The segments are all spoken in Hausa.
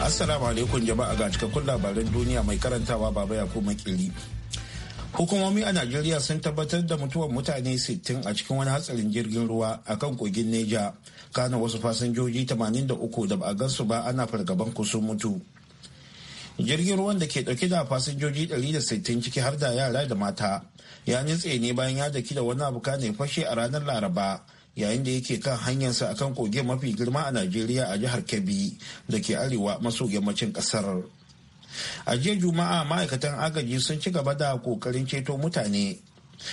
Assalamu alaikum jama'a ga cikakkun labaran duniya mai karantawa baba ya kuma kiri. Hukumomi a Najeriya sun tabbatar da mutuwar mutane 60 a cikin wani hatsarin jirgin ruwa a kan kogin Neja, kana wasu fasinjoji 83 da ba a gansu ba ana fargaban kusu mutu. Jirgin ruwan da ke dauke da fasinjoji 160 ciki har da yara da mata, ya nutse ne bayan ya daki da wani abu ne fashe a ranar Laraba. yayin da yake kan hanyarsa a kan koge mafi girma a najeriya a jihar kebbi da ke arewa maso yammacin kasar a jiya juma'a ma'aikatan agaji sun ci gaba da kokarin ceto mutane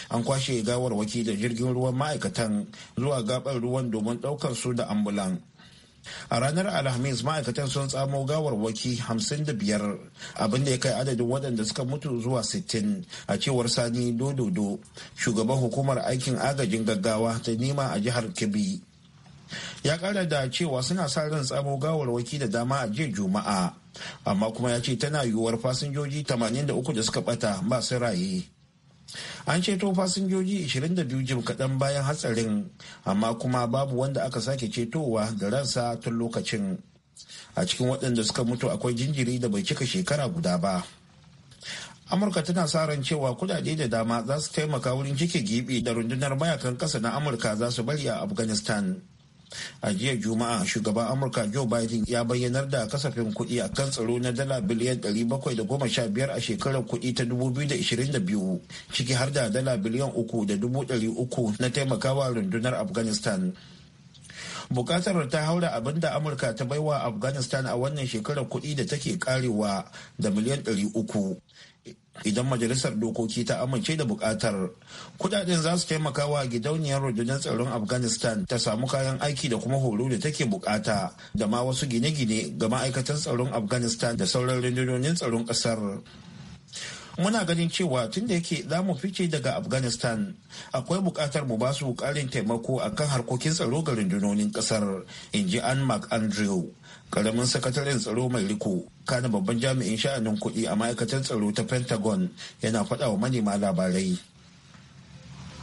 an kwashe gawarwaki da jirgin ruwan ma'aikatan zuwa gabar ruwan domin ɗaukar su da ambulan a ranar alhamis ma'aikatan sun tsamo gawarwaki 55 abinda ya kai adadin waɗanda suka mutu zuwa 60 a cewar sani dododo shugaban hukumar aikin agajin gaggawa ta nima a jihar kebbi ya kara da cewa suna sa ran tsamo gawarwaki da dama a jiya juma'a amma kuma ya ce tana yiwuwar fasinjoji 83 da suka ɓata ba su raye an ceto fasinjoji 22 jim kaɗan bayan hatsarin amma kuma babu wanda aka sake cetowa da ransa tun lokacin a cikin waɗanda suka mutu akwai jinjiri da bai cika shekara guda ba amurka tana sa ran cewa kudade da dama za su taimaka wurin cike gibi da rundunar mayakan ƙasa na amurka za su bari a afghanistan a jiya juma'a shugaban amurka joe biden ya bayyanar da kasafin kuɗi a kan tsaro na dala biliyan 715 a shekarar kuɗi ta 2022 ciki har da dala biliyan 3.300 na taimakawa rundunar afghanistan bukatar ta haura abin da amurka ta baiwa afghanistan a wannan shekarar kuɗi da take karewa da miliyan 300 idan majalisar dokoki ta amince da bukatar kudaden za su taimaka wa gidauniyar rundunar tsaron afghanistan ta samu kayan aiki da kuma horo da take bukata da ma wasu gine-gine ga ma'aikatan tsaron afghanistan da sauran rundunonin tsaron kasar muna ganin cewa tun da yake za mu fice daga afghanistan akwai bukatar mu ba su karin taimako kan harkokin tsaro ga rundunonin kasar in ji an mark andrew karamin sakataren tsaro mai riko kana babban jami'in sha'anin kuɗi a ma'aikatar tsaro ta pentagon yana faɗa wa manema labarai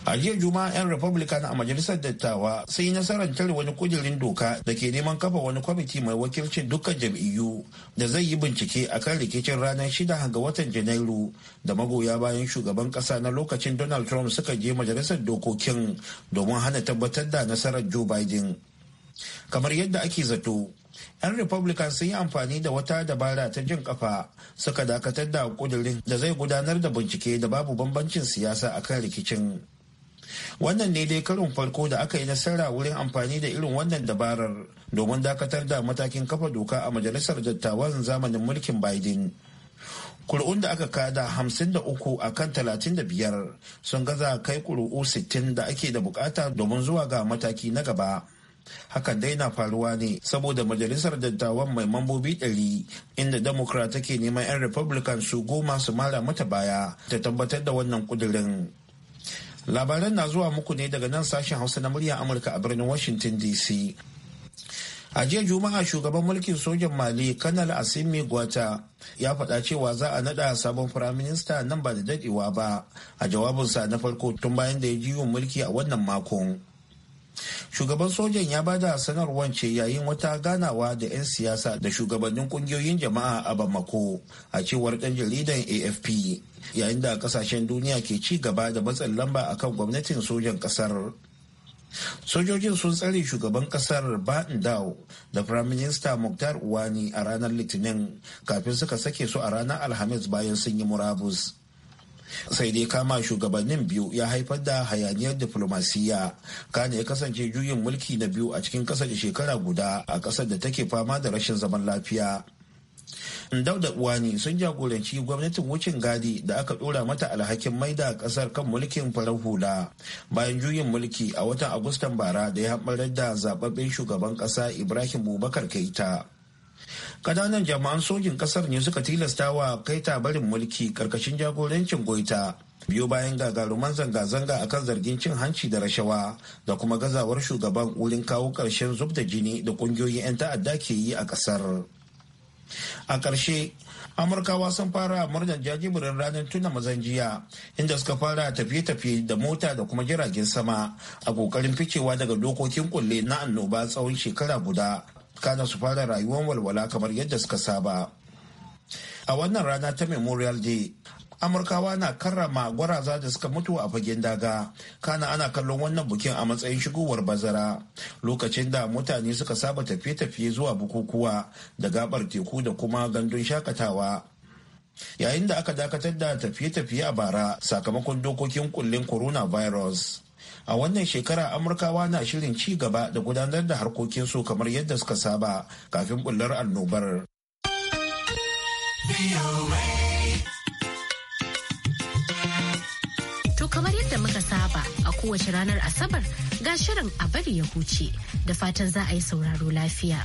a jiya juma'a 'yan republican a majalisar dattawa sun yi nasarar tare wani kudirin doka da ke neman kafa wani kwamiti mai wakilcin dukkan jam'iyyu da zai yi bincike a kan rikicin ranar shida ga watan janairu da magoya bayan shugaban kasa na lokacin donald trump suka je majalisar dokokin domin hana tabbatar da nasarar joe biden kamar yadda ake zato 'yan republican sun yi amfani da wata dabara ta jin kafa suka dakatar da kudirin da zai gudanar da bincike da babu bambancin siyasa akan rikicin wannan ne dai karin farko da aka yi nasara wurin amfani da irin wannan dabarar domin dakatar da matakin kafa doka a majalisar dattawan zamanin mulkin biden kuri'un da aka kada 53 a kan biyar sun gaza kai kuri'u sittin da ake da bukata domin zuwa ga mataki na gaba hakan dai na faruwa ne saboda majalisar dattawan mai mambobi 100 inda democrat take neman 'yan republican su goma su mara mata baya ta tabbatar da wannan kudirin Labaran na zuwa muku ne daga nan sashen Hausa na murya Amurka a birnin Washington DC. A jiya Juma'a shugaban mulkin sojan Mali Kanal Asimi Gwata ya faɗa cewa za a naɗa sabon firaminista nan ba da daɗewa ba a jawabinsa na farko tun bayan da ya ji jiyo mulki a wannan makon. shugaban sojan ya bada sanarwar ce yayin wata ganawa da 'yan siyasa da shugabannin kungiyoyin jama'a a bamako a cewar dan jaridan afp yayin da kasashen duniya ke ci gaba da matsin lamba akan gwamnatin sojan kasar sojojin sun tsare shugaban kasar ba'in dao da prime minister muktar uwani a ranar litinin kafin suka sake su a ranar alhamis bayan sun yi murabus sai dai kama shugabannin biyu ya haifar da hayaniyar diflomasiyya kana ya kasance juyin mulki na biyu a cikin kasa da shekara guda a kasar da take fama da rashin zaman lafiya dauda uwani sun jagoranci gwamnatin wucin gadi da aka dora mata alhakin maida kasar kan mulkin farar hula bayan juyin mulki a watan agustan bara da ya haɓarar da zababben shugaban ƙasa ibrahim bubakar kaita. kananan jama'an sojin kasar ne suka tilasta wa kaita barin mulki karkashin jagorancin goita biyo bayan gagaruman zanga-zanga akan zargin cin hanci da rashawa da kuma gazawar shugaban wurin kawo ƙarshen zub da jini da ƙungiyoyin 'yan ta'adda ke yi a ƙasar a ƙarshe amurkawa sun fara murnar jajiburin ranar tuna mazan jiya inda suka fara tafiye-tafiye da mota da kuma jiragen sama a kokarin ficewa daga dokokin kulle na annoba tsawon shekara guda kana su fara rayuwar walwala kamar yadda suka saba a wannan rana ta memorial day amurkawa na karrama gwaraza da suka mutu a fagen daga kana ana kallon wannan bukin a matsayin shigowar bazara lokacin da mutane suka saba tafiye-tafiye zuwa bukukuwa da gabar teku da kuma gandun shakatawa yayin da aka dakatar da tafiye-tafiye a bara sakamakon dokokin kullin coronavirus a wannan shekara amurkawa na shirin ci gaba da gudanar da harkokinsu kamar yadda suka saba kafin bullar annobar To kamar yadda muka saba a kowace ranar Asabar ga shirin a bari ya huce da fatan za a yi sauraro lafiya.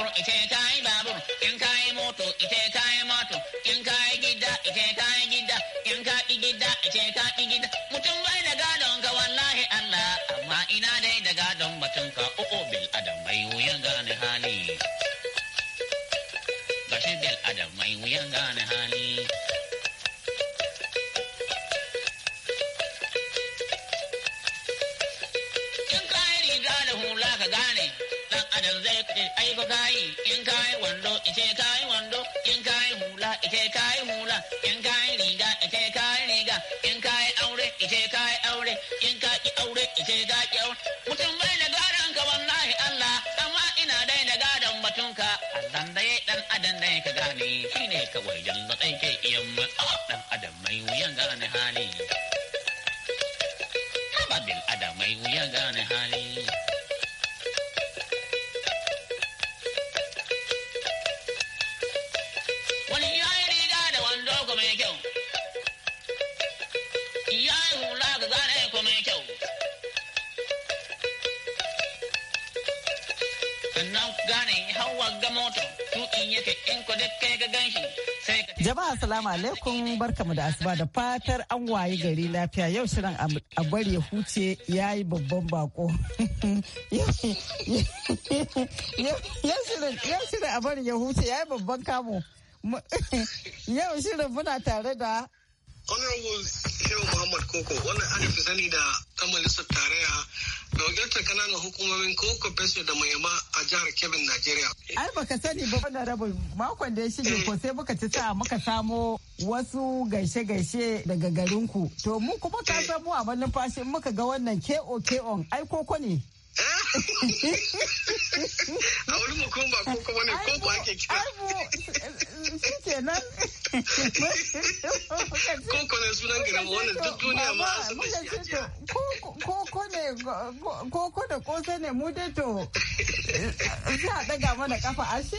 ブル、イセバブル、ケンカイモト、イセカイマト、ケンカイギダ、イセカイギダ、ケンカイギダ、イセカイギダ。Assalamu salamu alaikum barkamu da asuba da fatar an waye gari lafiya yau shirin a bari ya huce ya yi babban bako yau shirin a bari ya huce ya yi babban kamo yau shirin muna tare da honorable shehu muhammad koko wannan an fi sani da dan majalisar tarayya da wakiltar kananan hukumomin koko peso da mayama a jihar kebin nigeria ai baka sani ba honorable makon da ya shige ko sai muka ci sa muka samo wasu gaishe-gaishe daga garinku to mu kuma ka samu a numfashi muka ga wannan ko ko ai koko ne a wani mukun ba ko kuma ne ko ba ake kira ko ko ne sunan gari wannan duk duniya ma su da shi ko ne ko ne mu to za a daga mana kafa ashe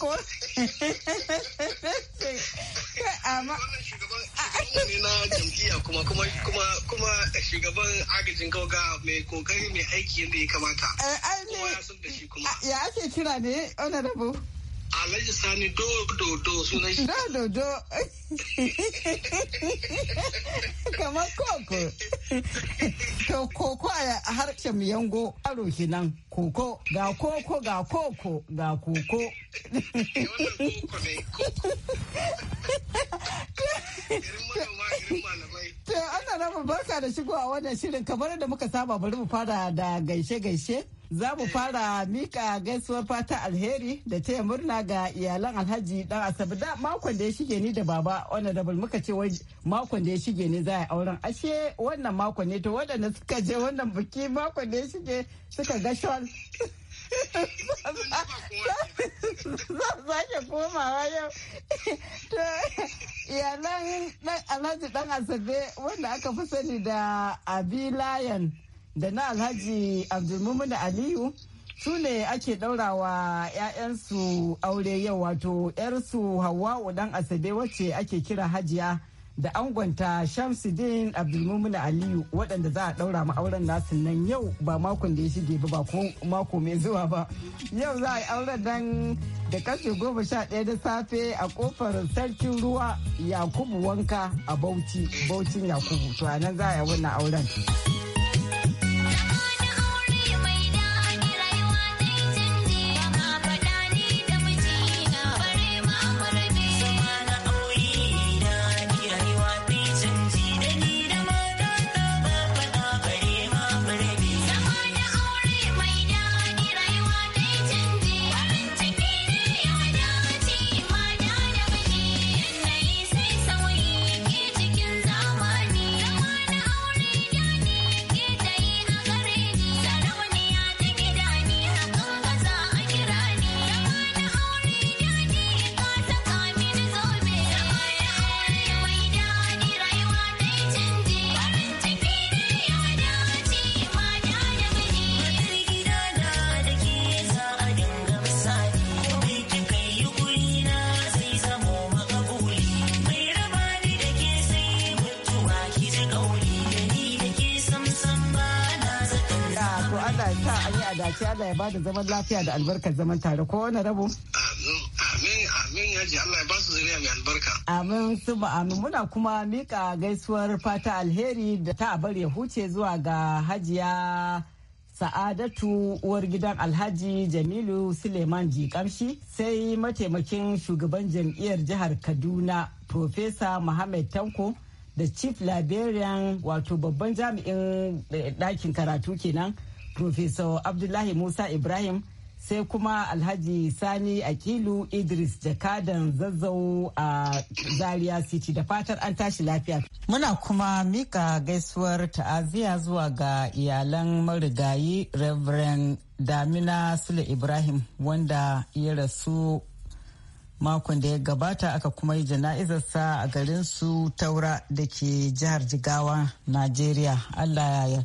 ko amma na jam'iyya kuma kuma kuma kuma shugaban agajin gauga mai kokari mai aiki yadda ya kamata eh, ya ake kira ne honorable Alhaji Sani dododo sunan shi. Dododo. Kamar koko. To koko a harshen yango aro nan koko ga koko ga koko ga koko. Eh, to ana raba barka da shigo a wannan shirin kamar da muka saba bari mu fara da gaishe-gaishe. Za mu fara mika gaisuwar fata alheri da taya murna ga iyalan alhaji dan asabi da makon da ya shige ni da baba honorable muka ce wai makon da ya shige ni za a auren ashe wannan makon ne to waɗanda suka je wannan buki makon da ya shige suka ga shon. sake komawa yau to iyalan alhaji dan asabe wanda aka fi sani da abi lion da na alhaji abdulmumin aliyu su ne ake daurawa 'ya'yansu aure yau wato 'yarsu hawa'u dan asabe wacce ake kira hajiya da angonta shamsuddin abdulmumin aliyu waɗanda za a ɗaura ma auren nasu nan yau ba makon da ya shige ba ba mako mai zuwa ba yau za a yi auren nan da karfe goma sha ɗaya da safe a kofar sarkin ruwa yakubu wanka a bauchi bauchin yakubu to a za a yi wannan auren. ce Allah ya bada zaman lafiya da albarkar zaman tare ko wani rabo. Amin amin yaji Allah ya ba su zuriya mai albarka. Amin su amin muna kuma mika gaisuwar fata alheri da ta bar ya huce zuwa ga hajiya sa'adatu uwar gidan alhaji jamilu suleiman jikamshi sai mataimakin shugaban jam'iyyar jihar kaduna profesa muhammad tanko da chief librarian wato babban jami'in dakin eh, karatu kenan Professor Abdullahi Musa Ibrahim sai kuma Alhaji Sani Akilu Idris Jakadan zazzau a Zaria City da fatar an tashi lafiya. Muna kuma mika gaisuwar ta'aziyya zuwa ga iyalan marigayi Reverend Damina Sule Ibrahim wanda ya rasu makon da ya gabata aka kuma yi jana'izarsa a garin su taura da ke jihar Jigawa, Najeriya. Allah ya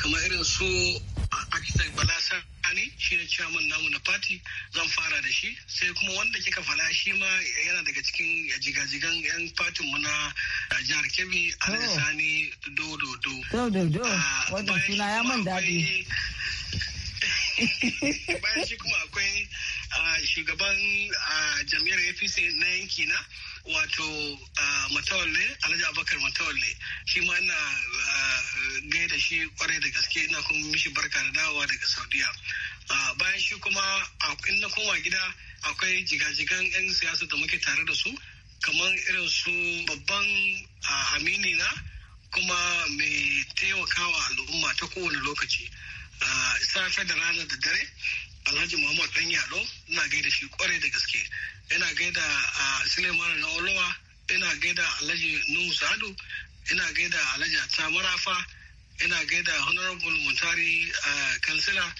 kamar irin su architect bala ne shi ne chairman namu na party zan fara da shi sai kuma wanda kika fada shi ma yana daga cikin jigajigan yan fatin mu na jihar kebbi oh. sani dododo dododo ah, wanda suna ya man dadi. bayan shi kuma akwai ah, shugaban ah, jami'ar apc na yanki na wato matawalle alhaji abakar matawalle shi ma ina gaida shi kwarai da gaske ina kuma mishi barka da dawowa daga saudiya bayan shi kuma in na koma gida akwai jigajigan 'yan siyasa da muke tare da su kamar irin su babban amini na kuma mai taimakawa al'umma ta kowane lokaci safe da rana da dare alhaji muhammad dan yalo ina gaida shi kwarai da gaske ina gaida a suleiman na olowa ina gaida alhaji nuhu sadu ina gaida alhaji Atta marafa ina gaida honorable muntari kansila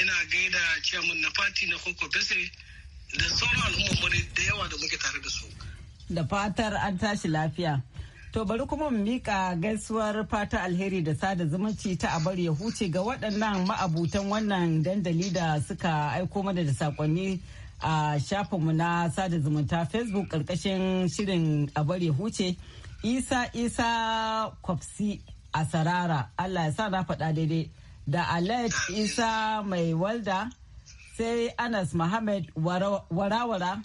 ina gaida chairman na fati na koko bese da sauran al'ummar da yawa da muke tare da su da fatar an tashi lafiya To bari kuma mu mika gaisuwar fata alheri da sada zumunci ta a bari ya huce ga waɗannan ma'abutan wannan dandali da suka aiko mana da sakonni a shafinmu na sada zumunta Facebook ƙarƙashin shirin a bari ya huce. Isa Isa Kwafsi a Sarara, Allah ya sa na faɗa daidai, da Alet Isa Mai Walda, sai Anas Muhammad Warawara,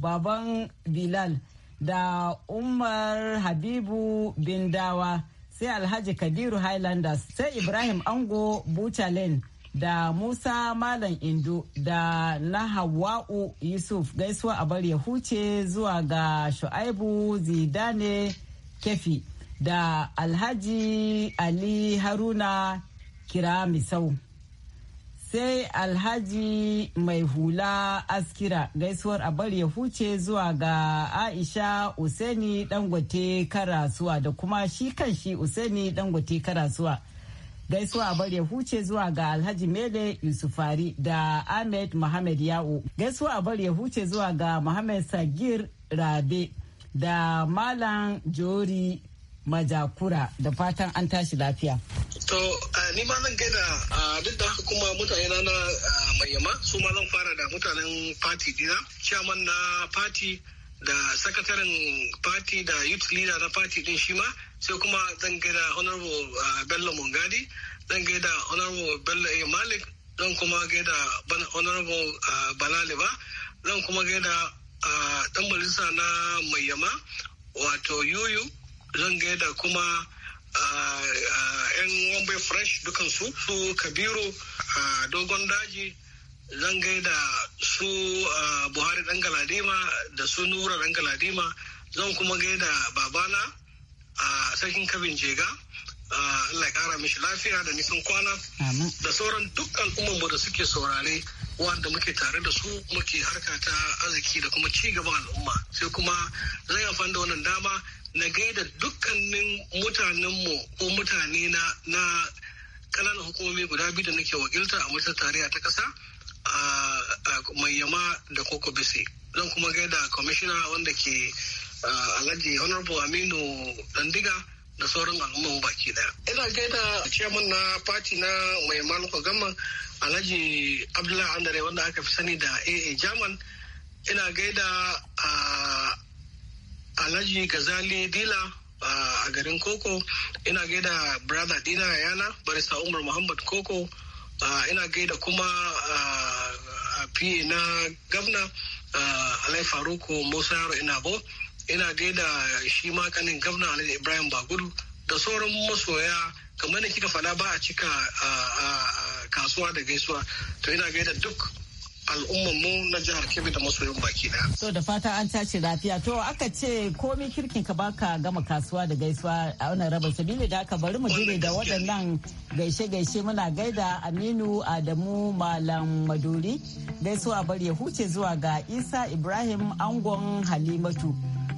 Baban Bilal. da Umar Habibu bin Dawa sai Alhaji Kabiru Highlanders sai Ibrahim Ango Buchalen da Musa Malam Indo da na Hawa'u Yusuf gaisuwa a bar ya huce zuwa ga Shu'aibu Zidane Kefi da Alhaji Ali Haruna Kiramisau. sai alhaji mai hula askira gaisuwar a bari ya huce zuwa ga aisha useni dangote karasuwa da kuma shi kan shi useni dangote karasuwa gaisuwa a bari ya huce zuwa ga alhaji mele yusufari da ahmed mohamed yawo gaisuwa a bari ya huce zuwa ga mohamed sagir rabe da malam jori majakura da fatan an tashi lafiya To ni ma zan gaida duk da haka kuma mutane na na mayyama su ma zan fara da mutanen fati dina chairman na fati da sakataren fati da youth leader na fati din shi ma sai kuma zan gaida honorable bello mongadi zan gaida honorable bello a malik zan kuma gaida honorable balaliba zan kuma gaida dan majalisa na mayyama wato yuyu zan gaida kuma yan wambai fresh dukan su Su kabiru a dogon daji zan gaida su buhari dan galadima da su nura dan galadima zan kuma gaida babana a sarkin kabin jega Ah, Allah ya kara mishi lafiya da nisan kwana da sauran duk al'ummarmu da suke saurare wanda muke tare da su muke harka ta arziki da kuma ci gaban al'umma sai kuma zai amfani da wannan dama na gaida dukkanin mutanenmu ko mutane na na kananan hukumomi guda biyu da nake wakilta a majalisar tarayya ta kasa mai yama da koko bese zan kuma gaida kwamishina wanda ke alhaji honorable aminu dandiga da sauran al'umman baki daya. Ina gaida ciyaman na fati na mai maluka gama Alhaji Abdullahi Andare wanda aka fi sani da AA German. Ina gaida Alhaji Gazali Dila a garin Koko. Ina gaida brother Dina Yana barista Umar Muhammad Koko. Ina gaida kuma a PA na gavna Alai Faruku Musa Yaro Inabo. ina gaida shi makanin kanin gwamna alhaji ibrahim bagudu da sauran masoya kamar da kika fada ba a cika kasuwa da gaisuwa to ina gaida duk mu na jihar kebbi da masoyin baki da. so da fata an tashi lafiya to aka ce komi kirkin ka baka gama kasuwa da gaisuwa a wannan rabin sabili da aka bari mu jire da waɗannan gaishe-gaishe muna gaida aminu adamu malam maduri gaisuwa bari ya huce zuwa ga isa ibrahim angon halimatu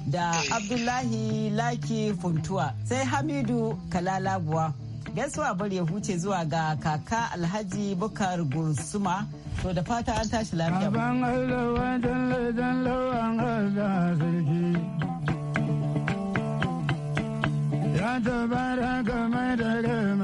da Abdullahi Laki Funtuwa sai Hamidu Kalalabuwa. Gaisuwa bar ya huce zuwa ga kaka Alhaji Bukar Gursuma to da fata an tashi lafiya. game da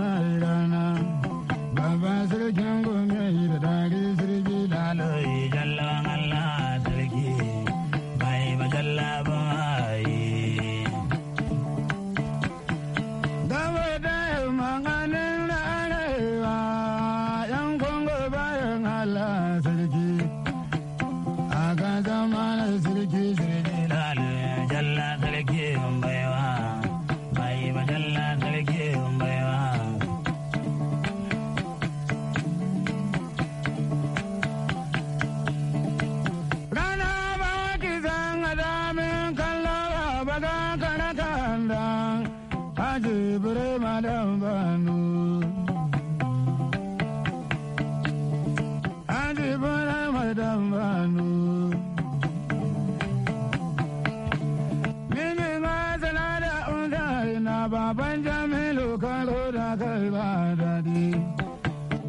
baban jamilu kalo da kalba daɗi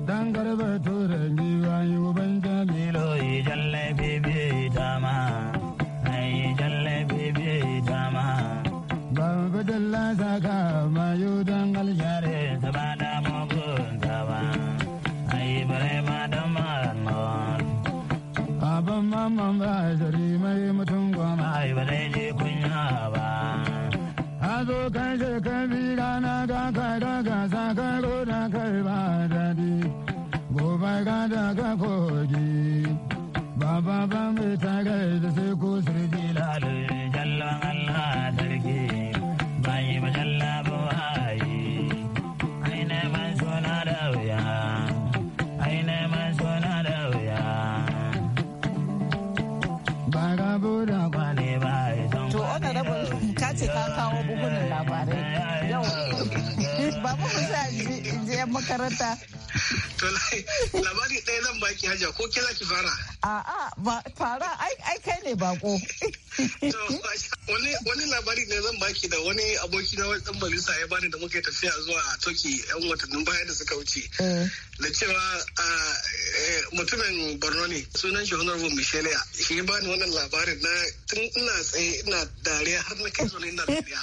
dan garba turan jiwa yi uban jamilu yi jalle bebe dama yi jalle bebe dama babu dalla saka mayu dan aljare ta ba da mugun dama ayi bare ma ma maran abin mamman ba ka daga sakaro da kai ba daɗi gobe ka daga kogi baba ba mai tare da sai ko je makaranta. To labari ɗaya zan baki haja ko ke ki fara? A'a ba fara ai kai ne bako. Wani labari ne zan baki da wani aboki na wani balisa ya bani da muka tafiya zuwa Toki yan watannin baya da suka wuce. Eh. Da cewa eh, mutumin Borno ne sunan shi Honorable Michelia shi ya bani wannan labarin na tun ina tsaye ina dariya har na kai zo ina dariya.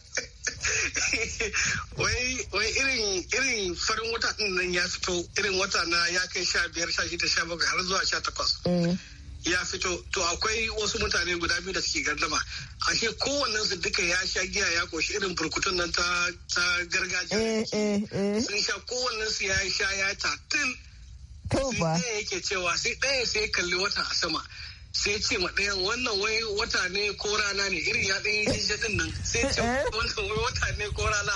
wai irin irin farin wata din nan ya fito irin wata na ya kai sha biyar sha shida sha bakwai har zuwa sha takwas mm. ya fito to akwai wasu mutane guda biyu da suke gardama ashe kowannen su duka ya sha giya ya koshi irin burkutun nan ta gargajiya eh, eh, eh. sun sha kowannen su ya sha ya tatil sai ɗaya yake cewa sai ɗaya sai kalli wata a sama sai ce ma ɗayan wannan wai wata ne ko rana ne irin ya ɗan yi din nan sai ce eh? wannan wai wata ne ko rana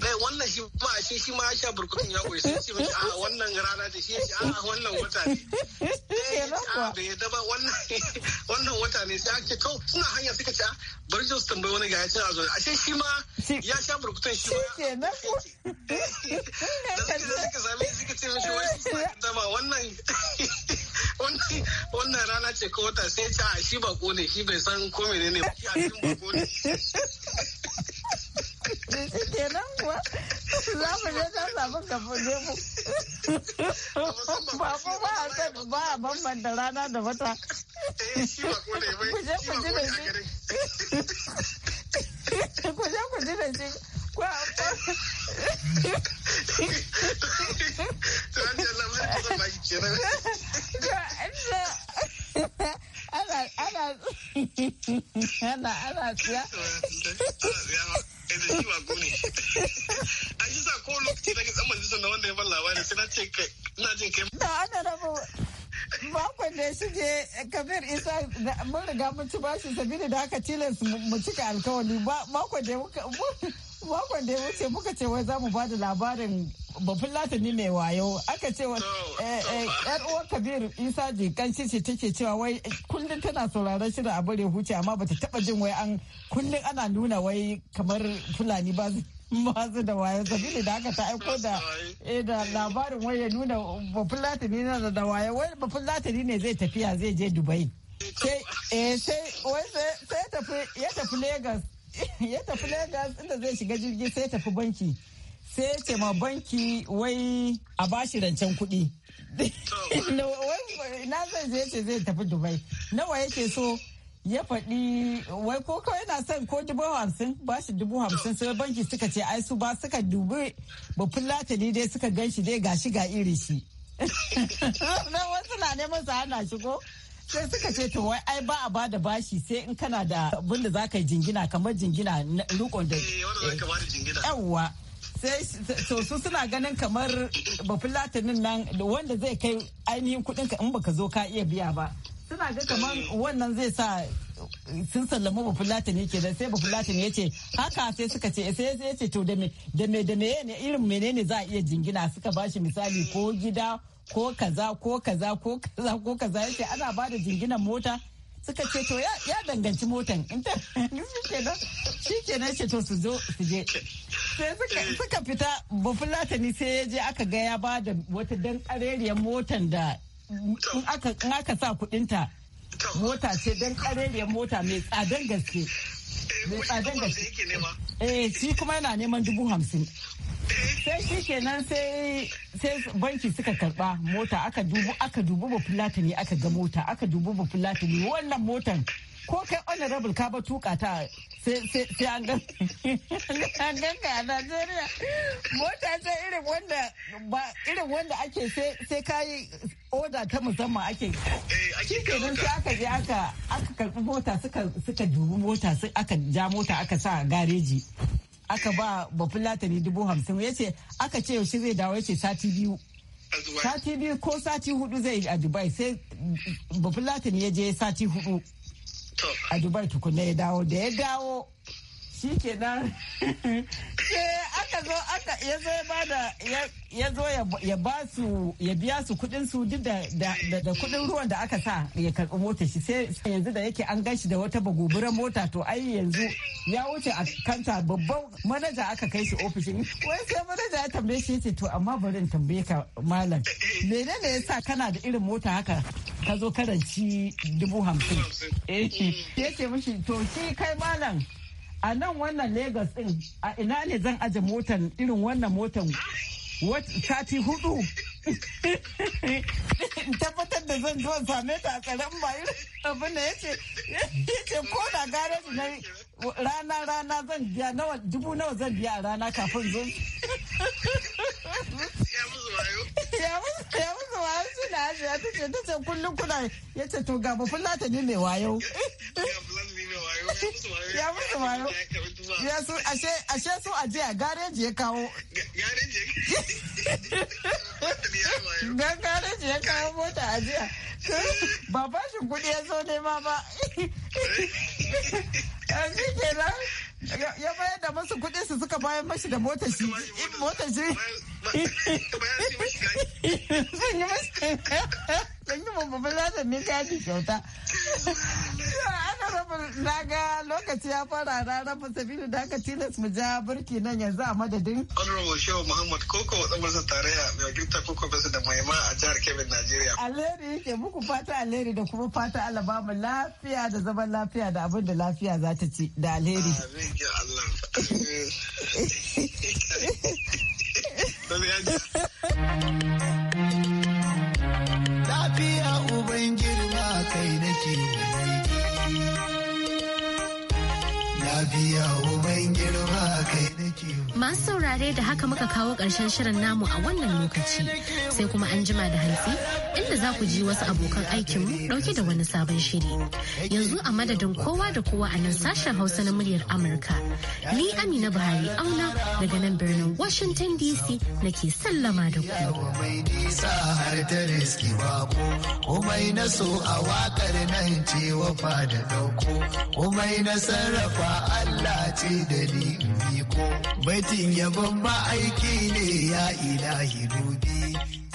ɗaya wannan shi ma ashe shi ma ya sha burkutun ya koyi sai ce mashi a wannan rana ce shi ya ce a wannan wata ne ya ce a wannan wata ne sai ake kawo suna hanya suka ce bari jos tambayi wani ga ya ce a zo ashe shi ma ya sha burkutun shi ma da suka zame suka ce shi wai wannan wannan rana ce ko wata sai ce a shi bako ne shi bai san ko mene ne shi a kenan kuwa za mu je samu mu ba ku ba a san ba a bambanta rana da wata ku eh, shi ana siya da shi wako ne an shi sa ko lokaci da kan majalisar na wanda ya ban labarin sai na ce kai ina jin kai da ana rabu makon da ya shige kabir isa mun riga mun ci bashi sabili da haka tilas mu cika alkawali makon da makon da ya wuce muka ce wai za mu ba da labarin bafin latani mai wayo aka ce wa yar uwar kabir isa jikan ce take cewa wai kullum tana sauraron shirin a bare huce amma bata taba jin wai an kullum ana nuna wai kamar fulani ba masu da waya sabili da aka ta aiko da eh, da labarin wai ya nuna bafin latini na da waya wai bafin latini ne zai tafiya zai je dubai sai eh, ya tafi lagos ya tafi lagos inda zai shiga jirgi sai ya tafi banki sai ya ce ma banki wai a bashi rancen kuɗi na zai zai ce zai tafi dubai nawa yake so ya faɗi wai ko kawai yana son ko dubu hamsin ba shi dubu hamsin sai banki suka ce ai su ba suka dubi bafin latani dai suka gan shi dai gashi ga iri shi na wasu na neman sa hana shigo sai suka ce to wai ai ba a ba da bashi sai in kana da abin da yi jingina kamar jingina rukon da eh, sai so su suna ganin kamar bafulatinin nan da wanda zai kai ainihin kudin ka in baka zo ka iya biya ba suna ga kamar eh. wannan zai sa sun sallama bafulatini ke da sai bafulatini ya ce haka sai suka ce sai ya ce to da me da me ne irin menene za a iya jingina suka bashi misali ko gida ko kaza ko kaza ko kaza ko kaza ya ce ana bada jinginan mota suka ce to ya danganci motan shikenan ce to su zo su je sai suka fita bafulatani sai ya je aka ga ya ba da wata dan kareriyar motan da in aka sa kudinta mota ce dan kareriyar mota mai tsadan gaske mai tsadan gaske eh, eh shi kuma yana neman dubu hamsin sai shi kenan sai sai banki suka karba mota aka dubu aka dubu ba ne aka ga mota aka dubu ba ne wannan motan ko kai honorable ka ba tuka ta sai an gan a Najeriya mota sai irin wanda ba irin wanda ake sai kayi oda ta musamman ake eh, shi kenan sai aka je aka aka karbi mota suka suka dubu mota aka ja mota aka sa gareji aka ba bafulatani dubu hamsin ya ce aka ce yaushe zai dawo ya ce sati biyu sati biyu ko sati hudu zai a dubai sai bafulatani ya je sati hudu a dubai tukunna ya dawo da ya dawo shi kenan sai aka zo aka ya zo ya bada ya zo ya ba su ya biya su kudin su duk da da kudin ruwan da aka sa ya karbi mota shi sai yanzu da yake an gashi da wata baguburan mota to ai yanzu ya wuce a kanta babban manaja aka kai shi ofishin wai sai manaja ya tambaye shi ce to amma bari in tambaye ka malam menene yasa kana da irin mota haka ka zo karanci dubu hamsin eh, eh. ce mishi to shi kai malam a nan wannan Legas din a ina ne zan aje motan irin wannan motan sati hudu tabbatar da zan zo same ta a tsaron bayan abin da ya ce ko da gare na rana rana zan biya nawa dubu nawa zan biya a rana kafin zo ya musu wayo suna ajiya ta ce ta ce kullum kuna ya ce to ga bafin lata ne mai wayo ya musu wayo ya su ashe ashe su aje a gareji ya kawo dan gareji ya kawo mota ajiya ba ba shi kudi ya zo nema ba yanzu kenan ya bayar da masu kudin su suka bayar mashi da motar shi sun yi kyauta na ga lokaci ya fara rara sabilu da aka mu ja burki nan yanzu a madadin honorable shehu muhammad koko tarayya mai wakilta koko a jihar kebbi najeriya alheri yake muku fata alheri da kuma fata alabama lafiya da zaman lafiya da abin da lafiya za ta ci da alheri To Masu saurare da haka muka kawo ƙarshen shirin namu a wannan lokaci sai kuma an jima da hantsi inda za ku ji wasu abokan aikinmu ɗauke da wani sabon shiri. Yanzu a madadin kowa da kowa a nan sashen Hausa na muryar Amurka. Ni Amina Buhari auna daga nan birnin Washington DC na ke sallama da ku. na sarrafa Allah titin yabon ba aiki ne ya ilahi dubi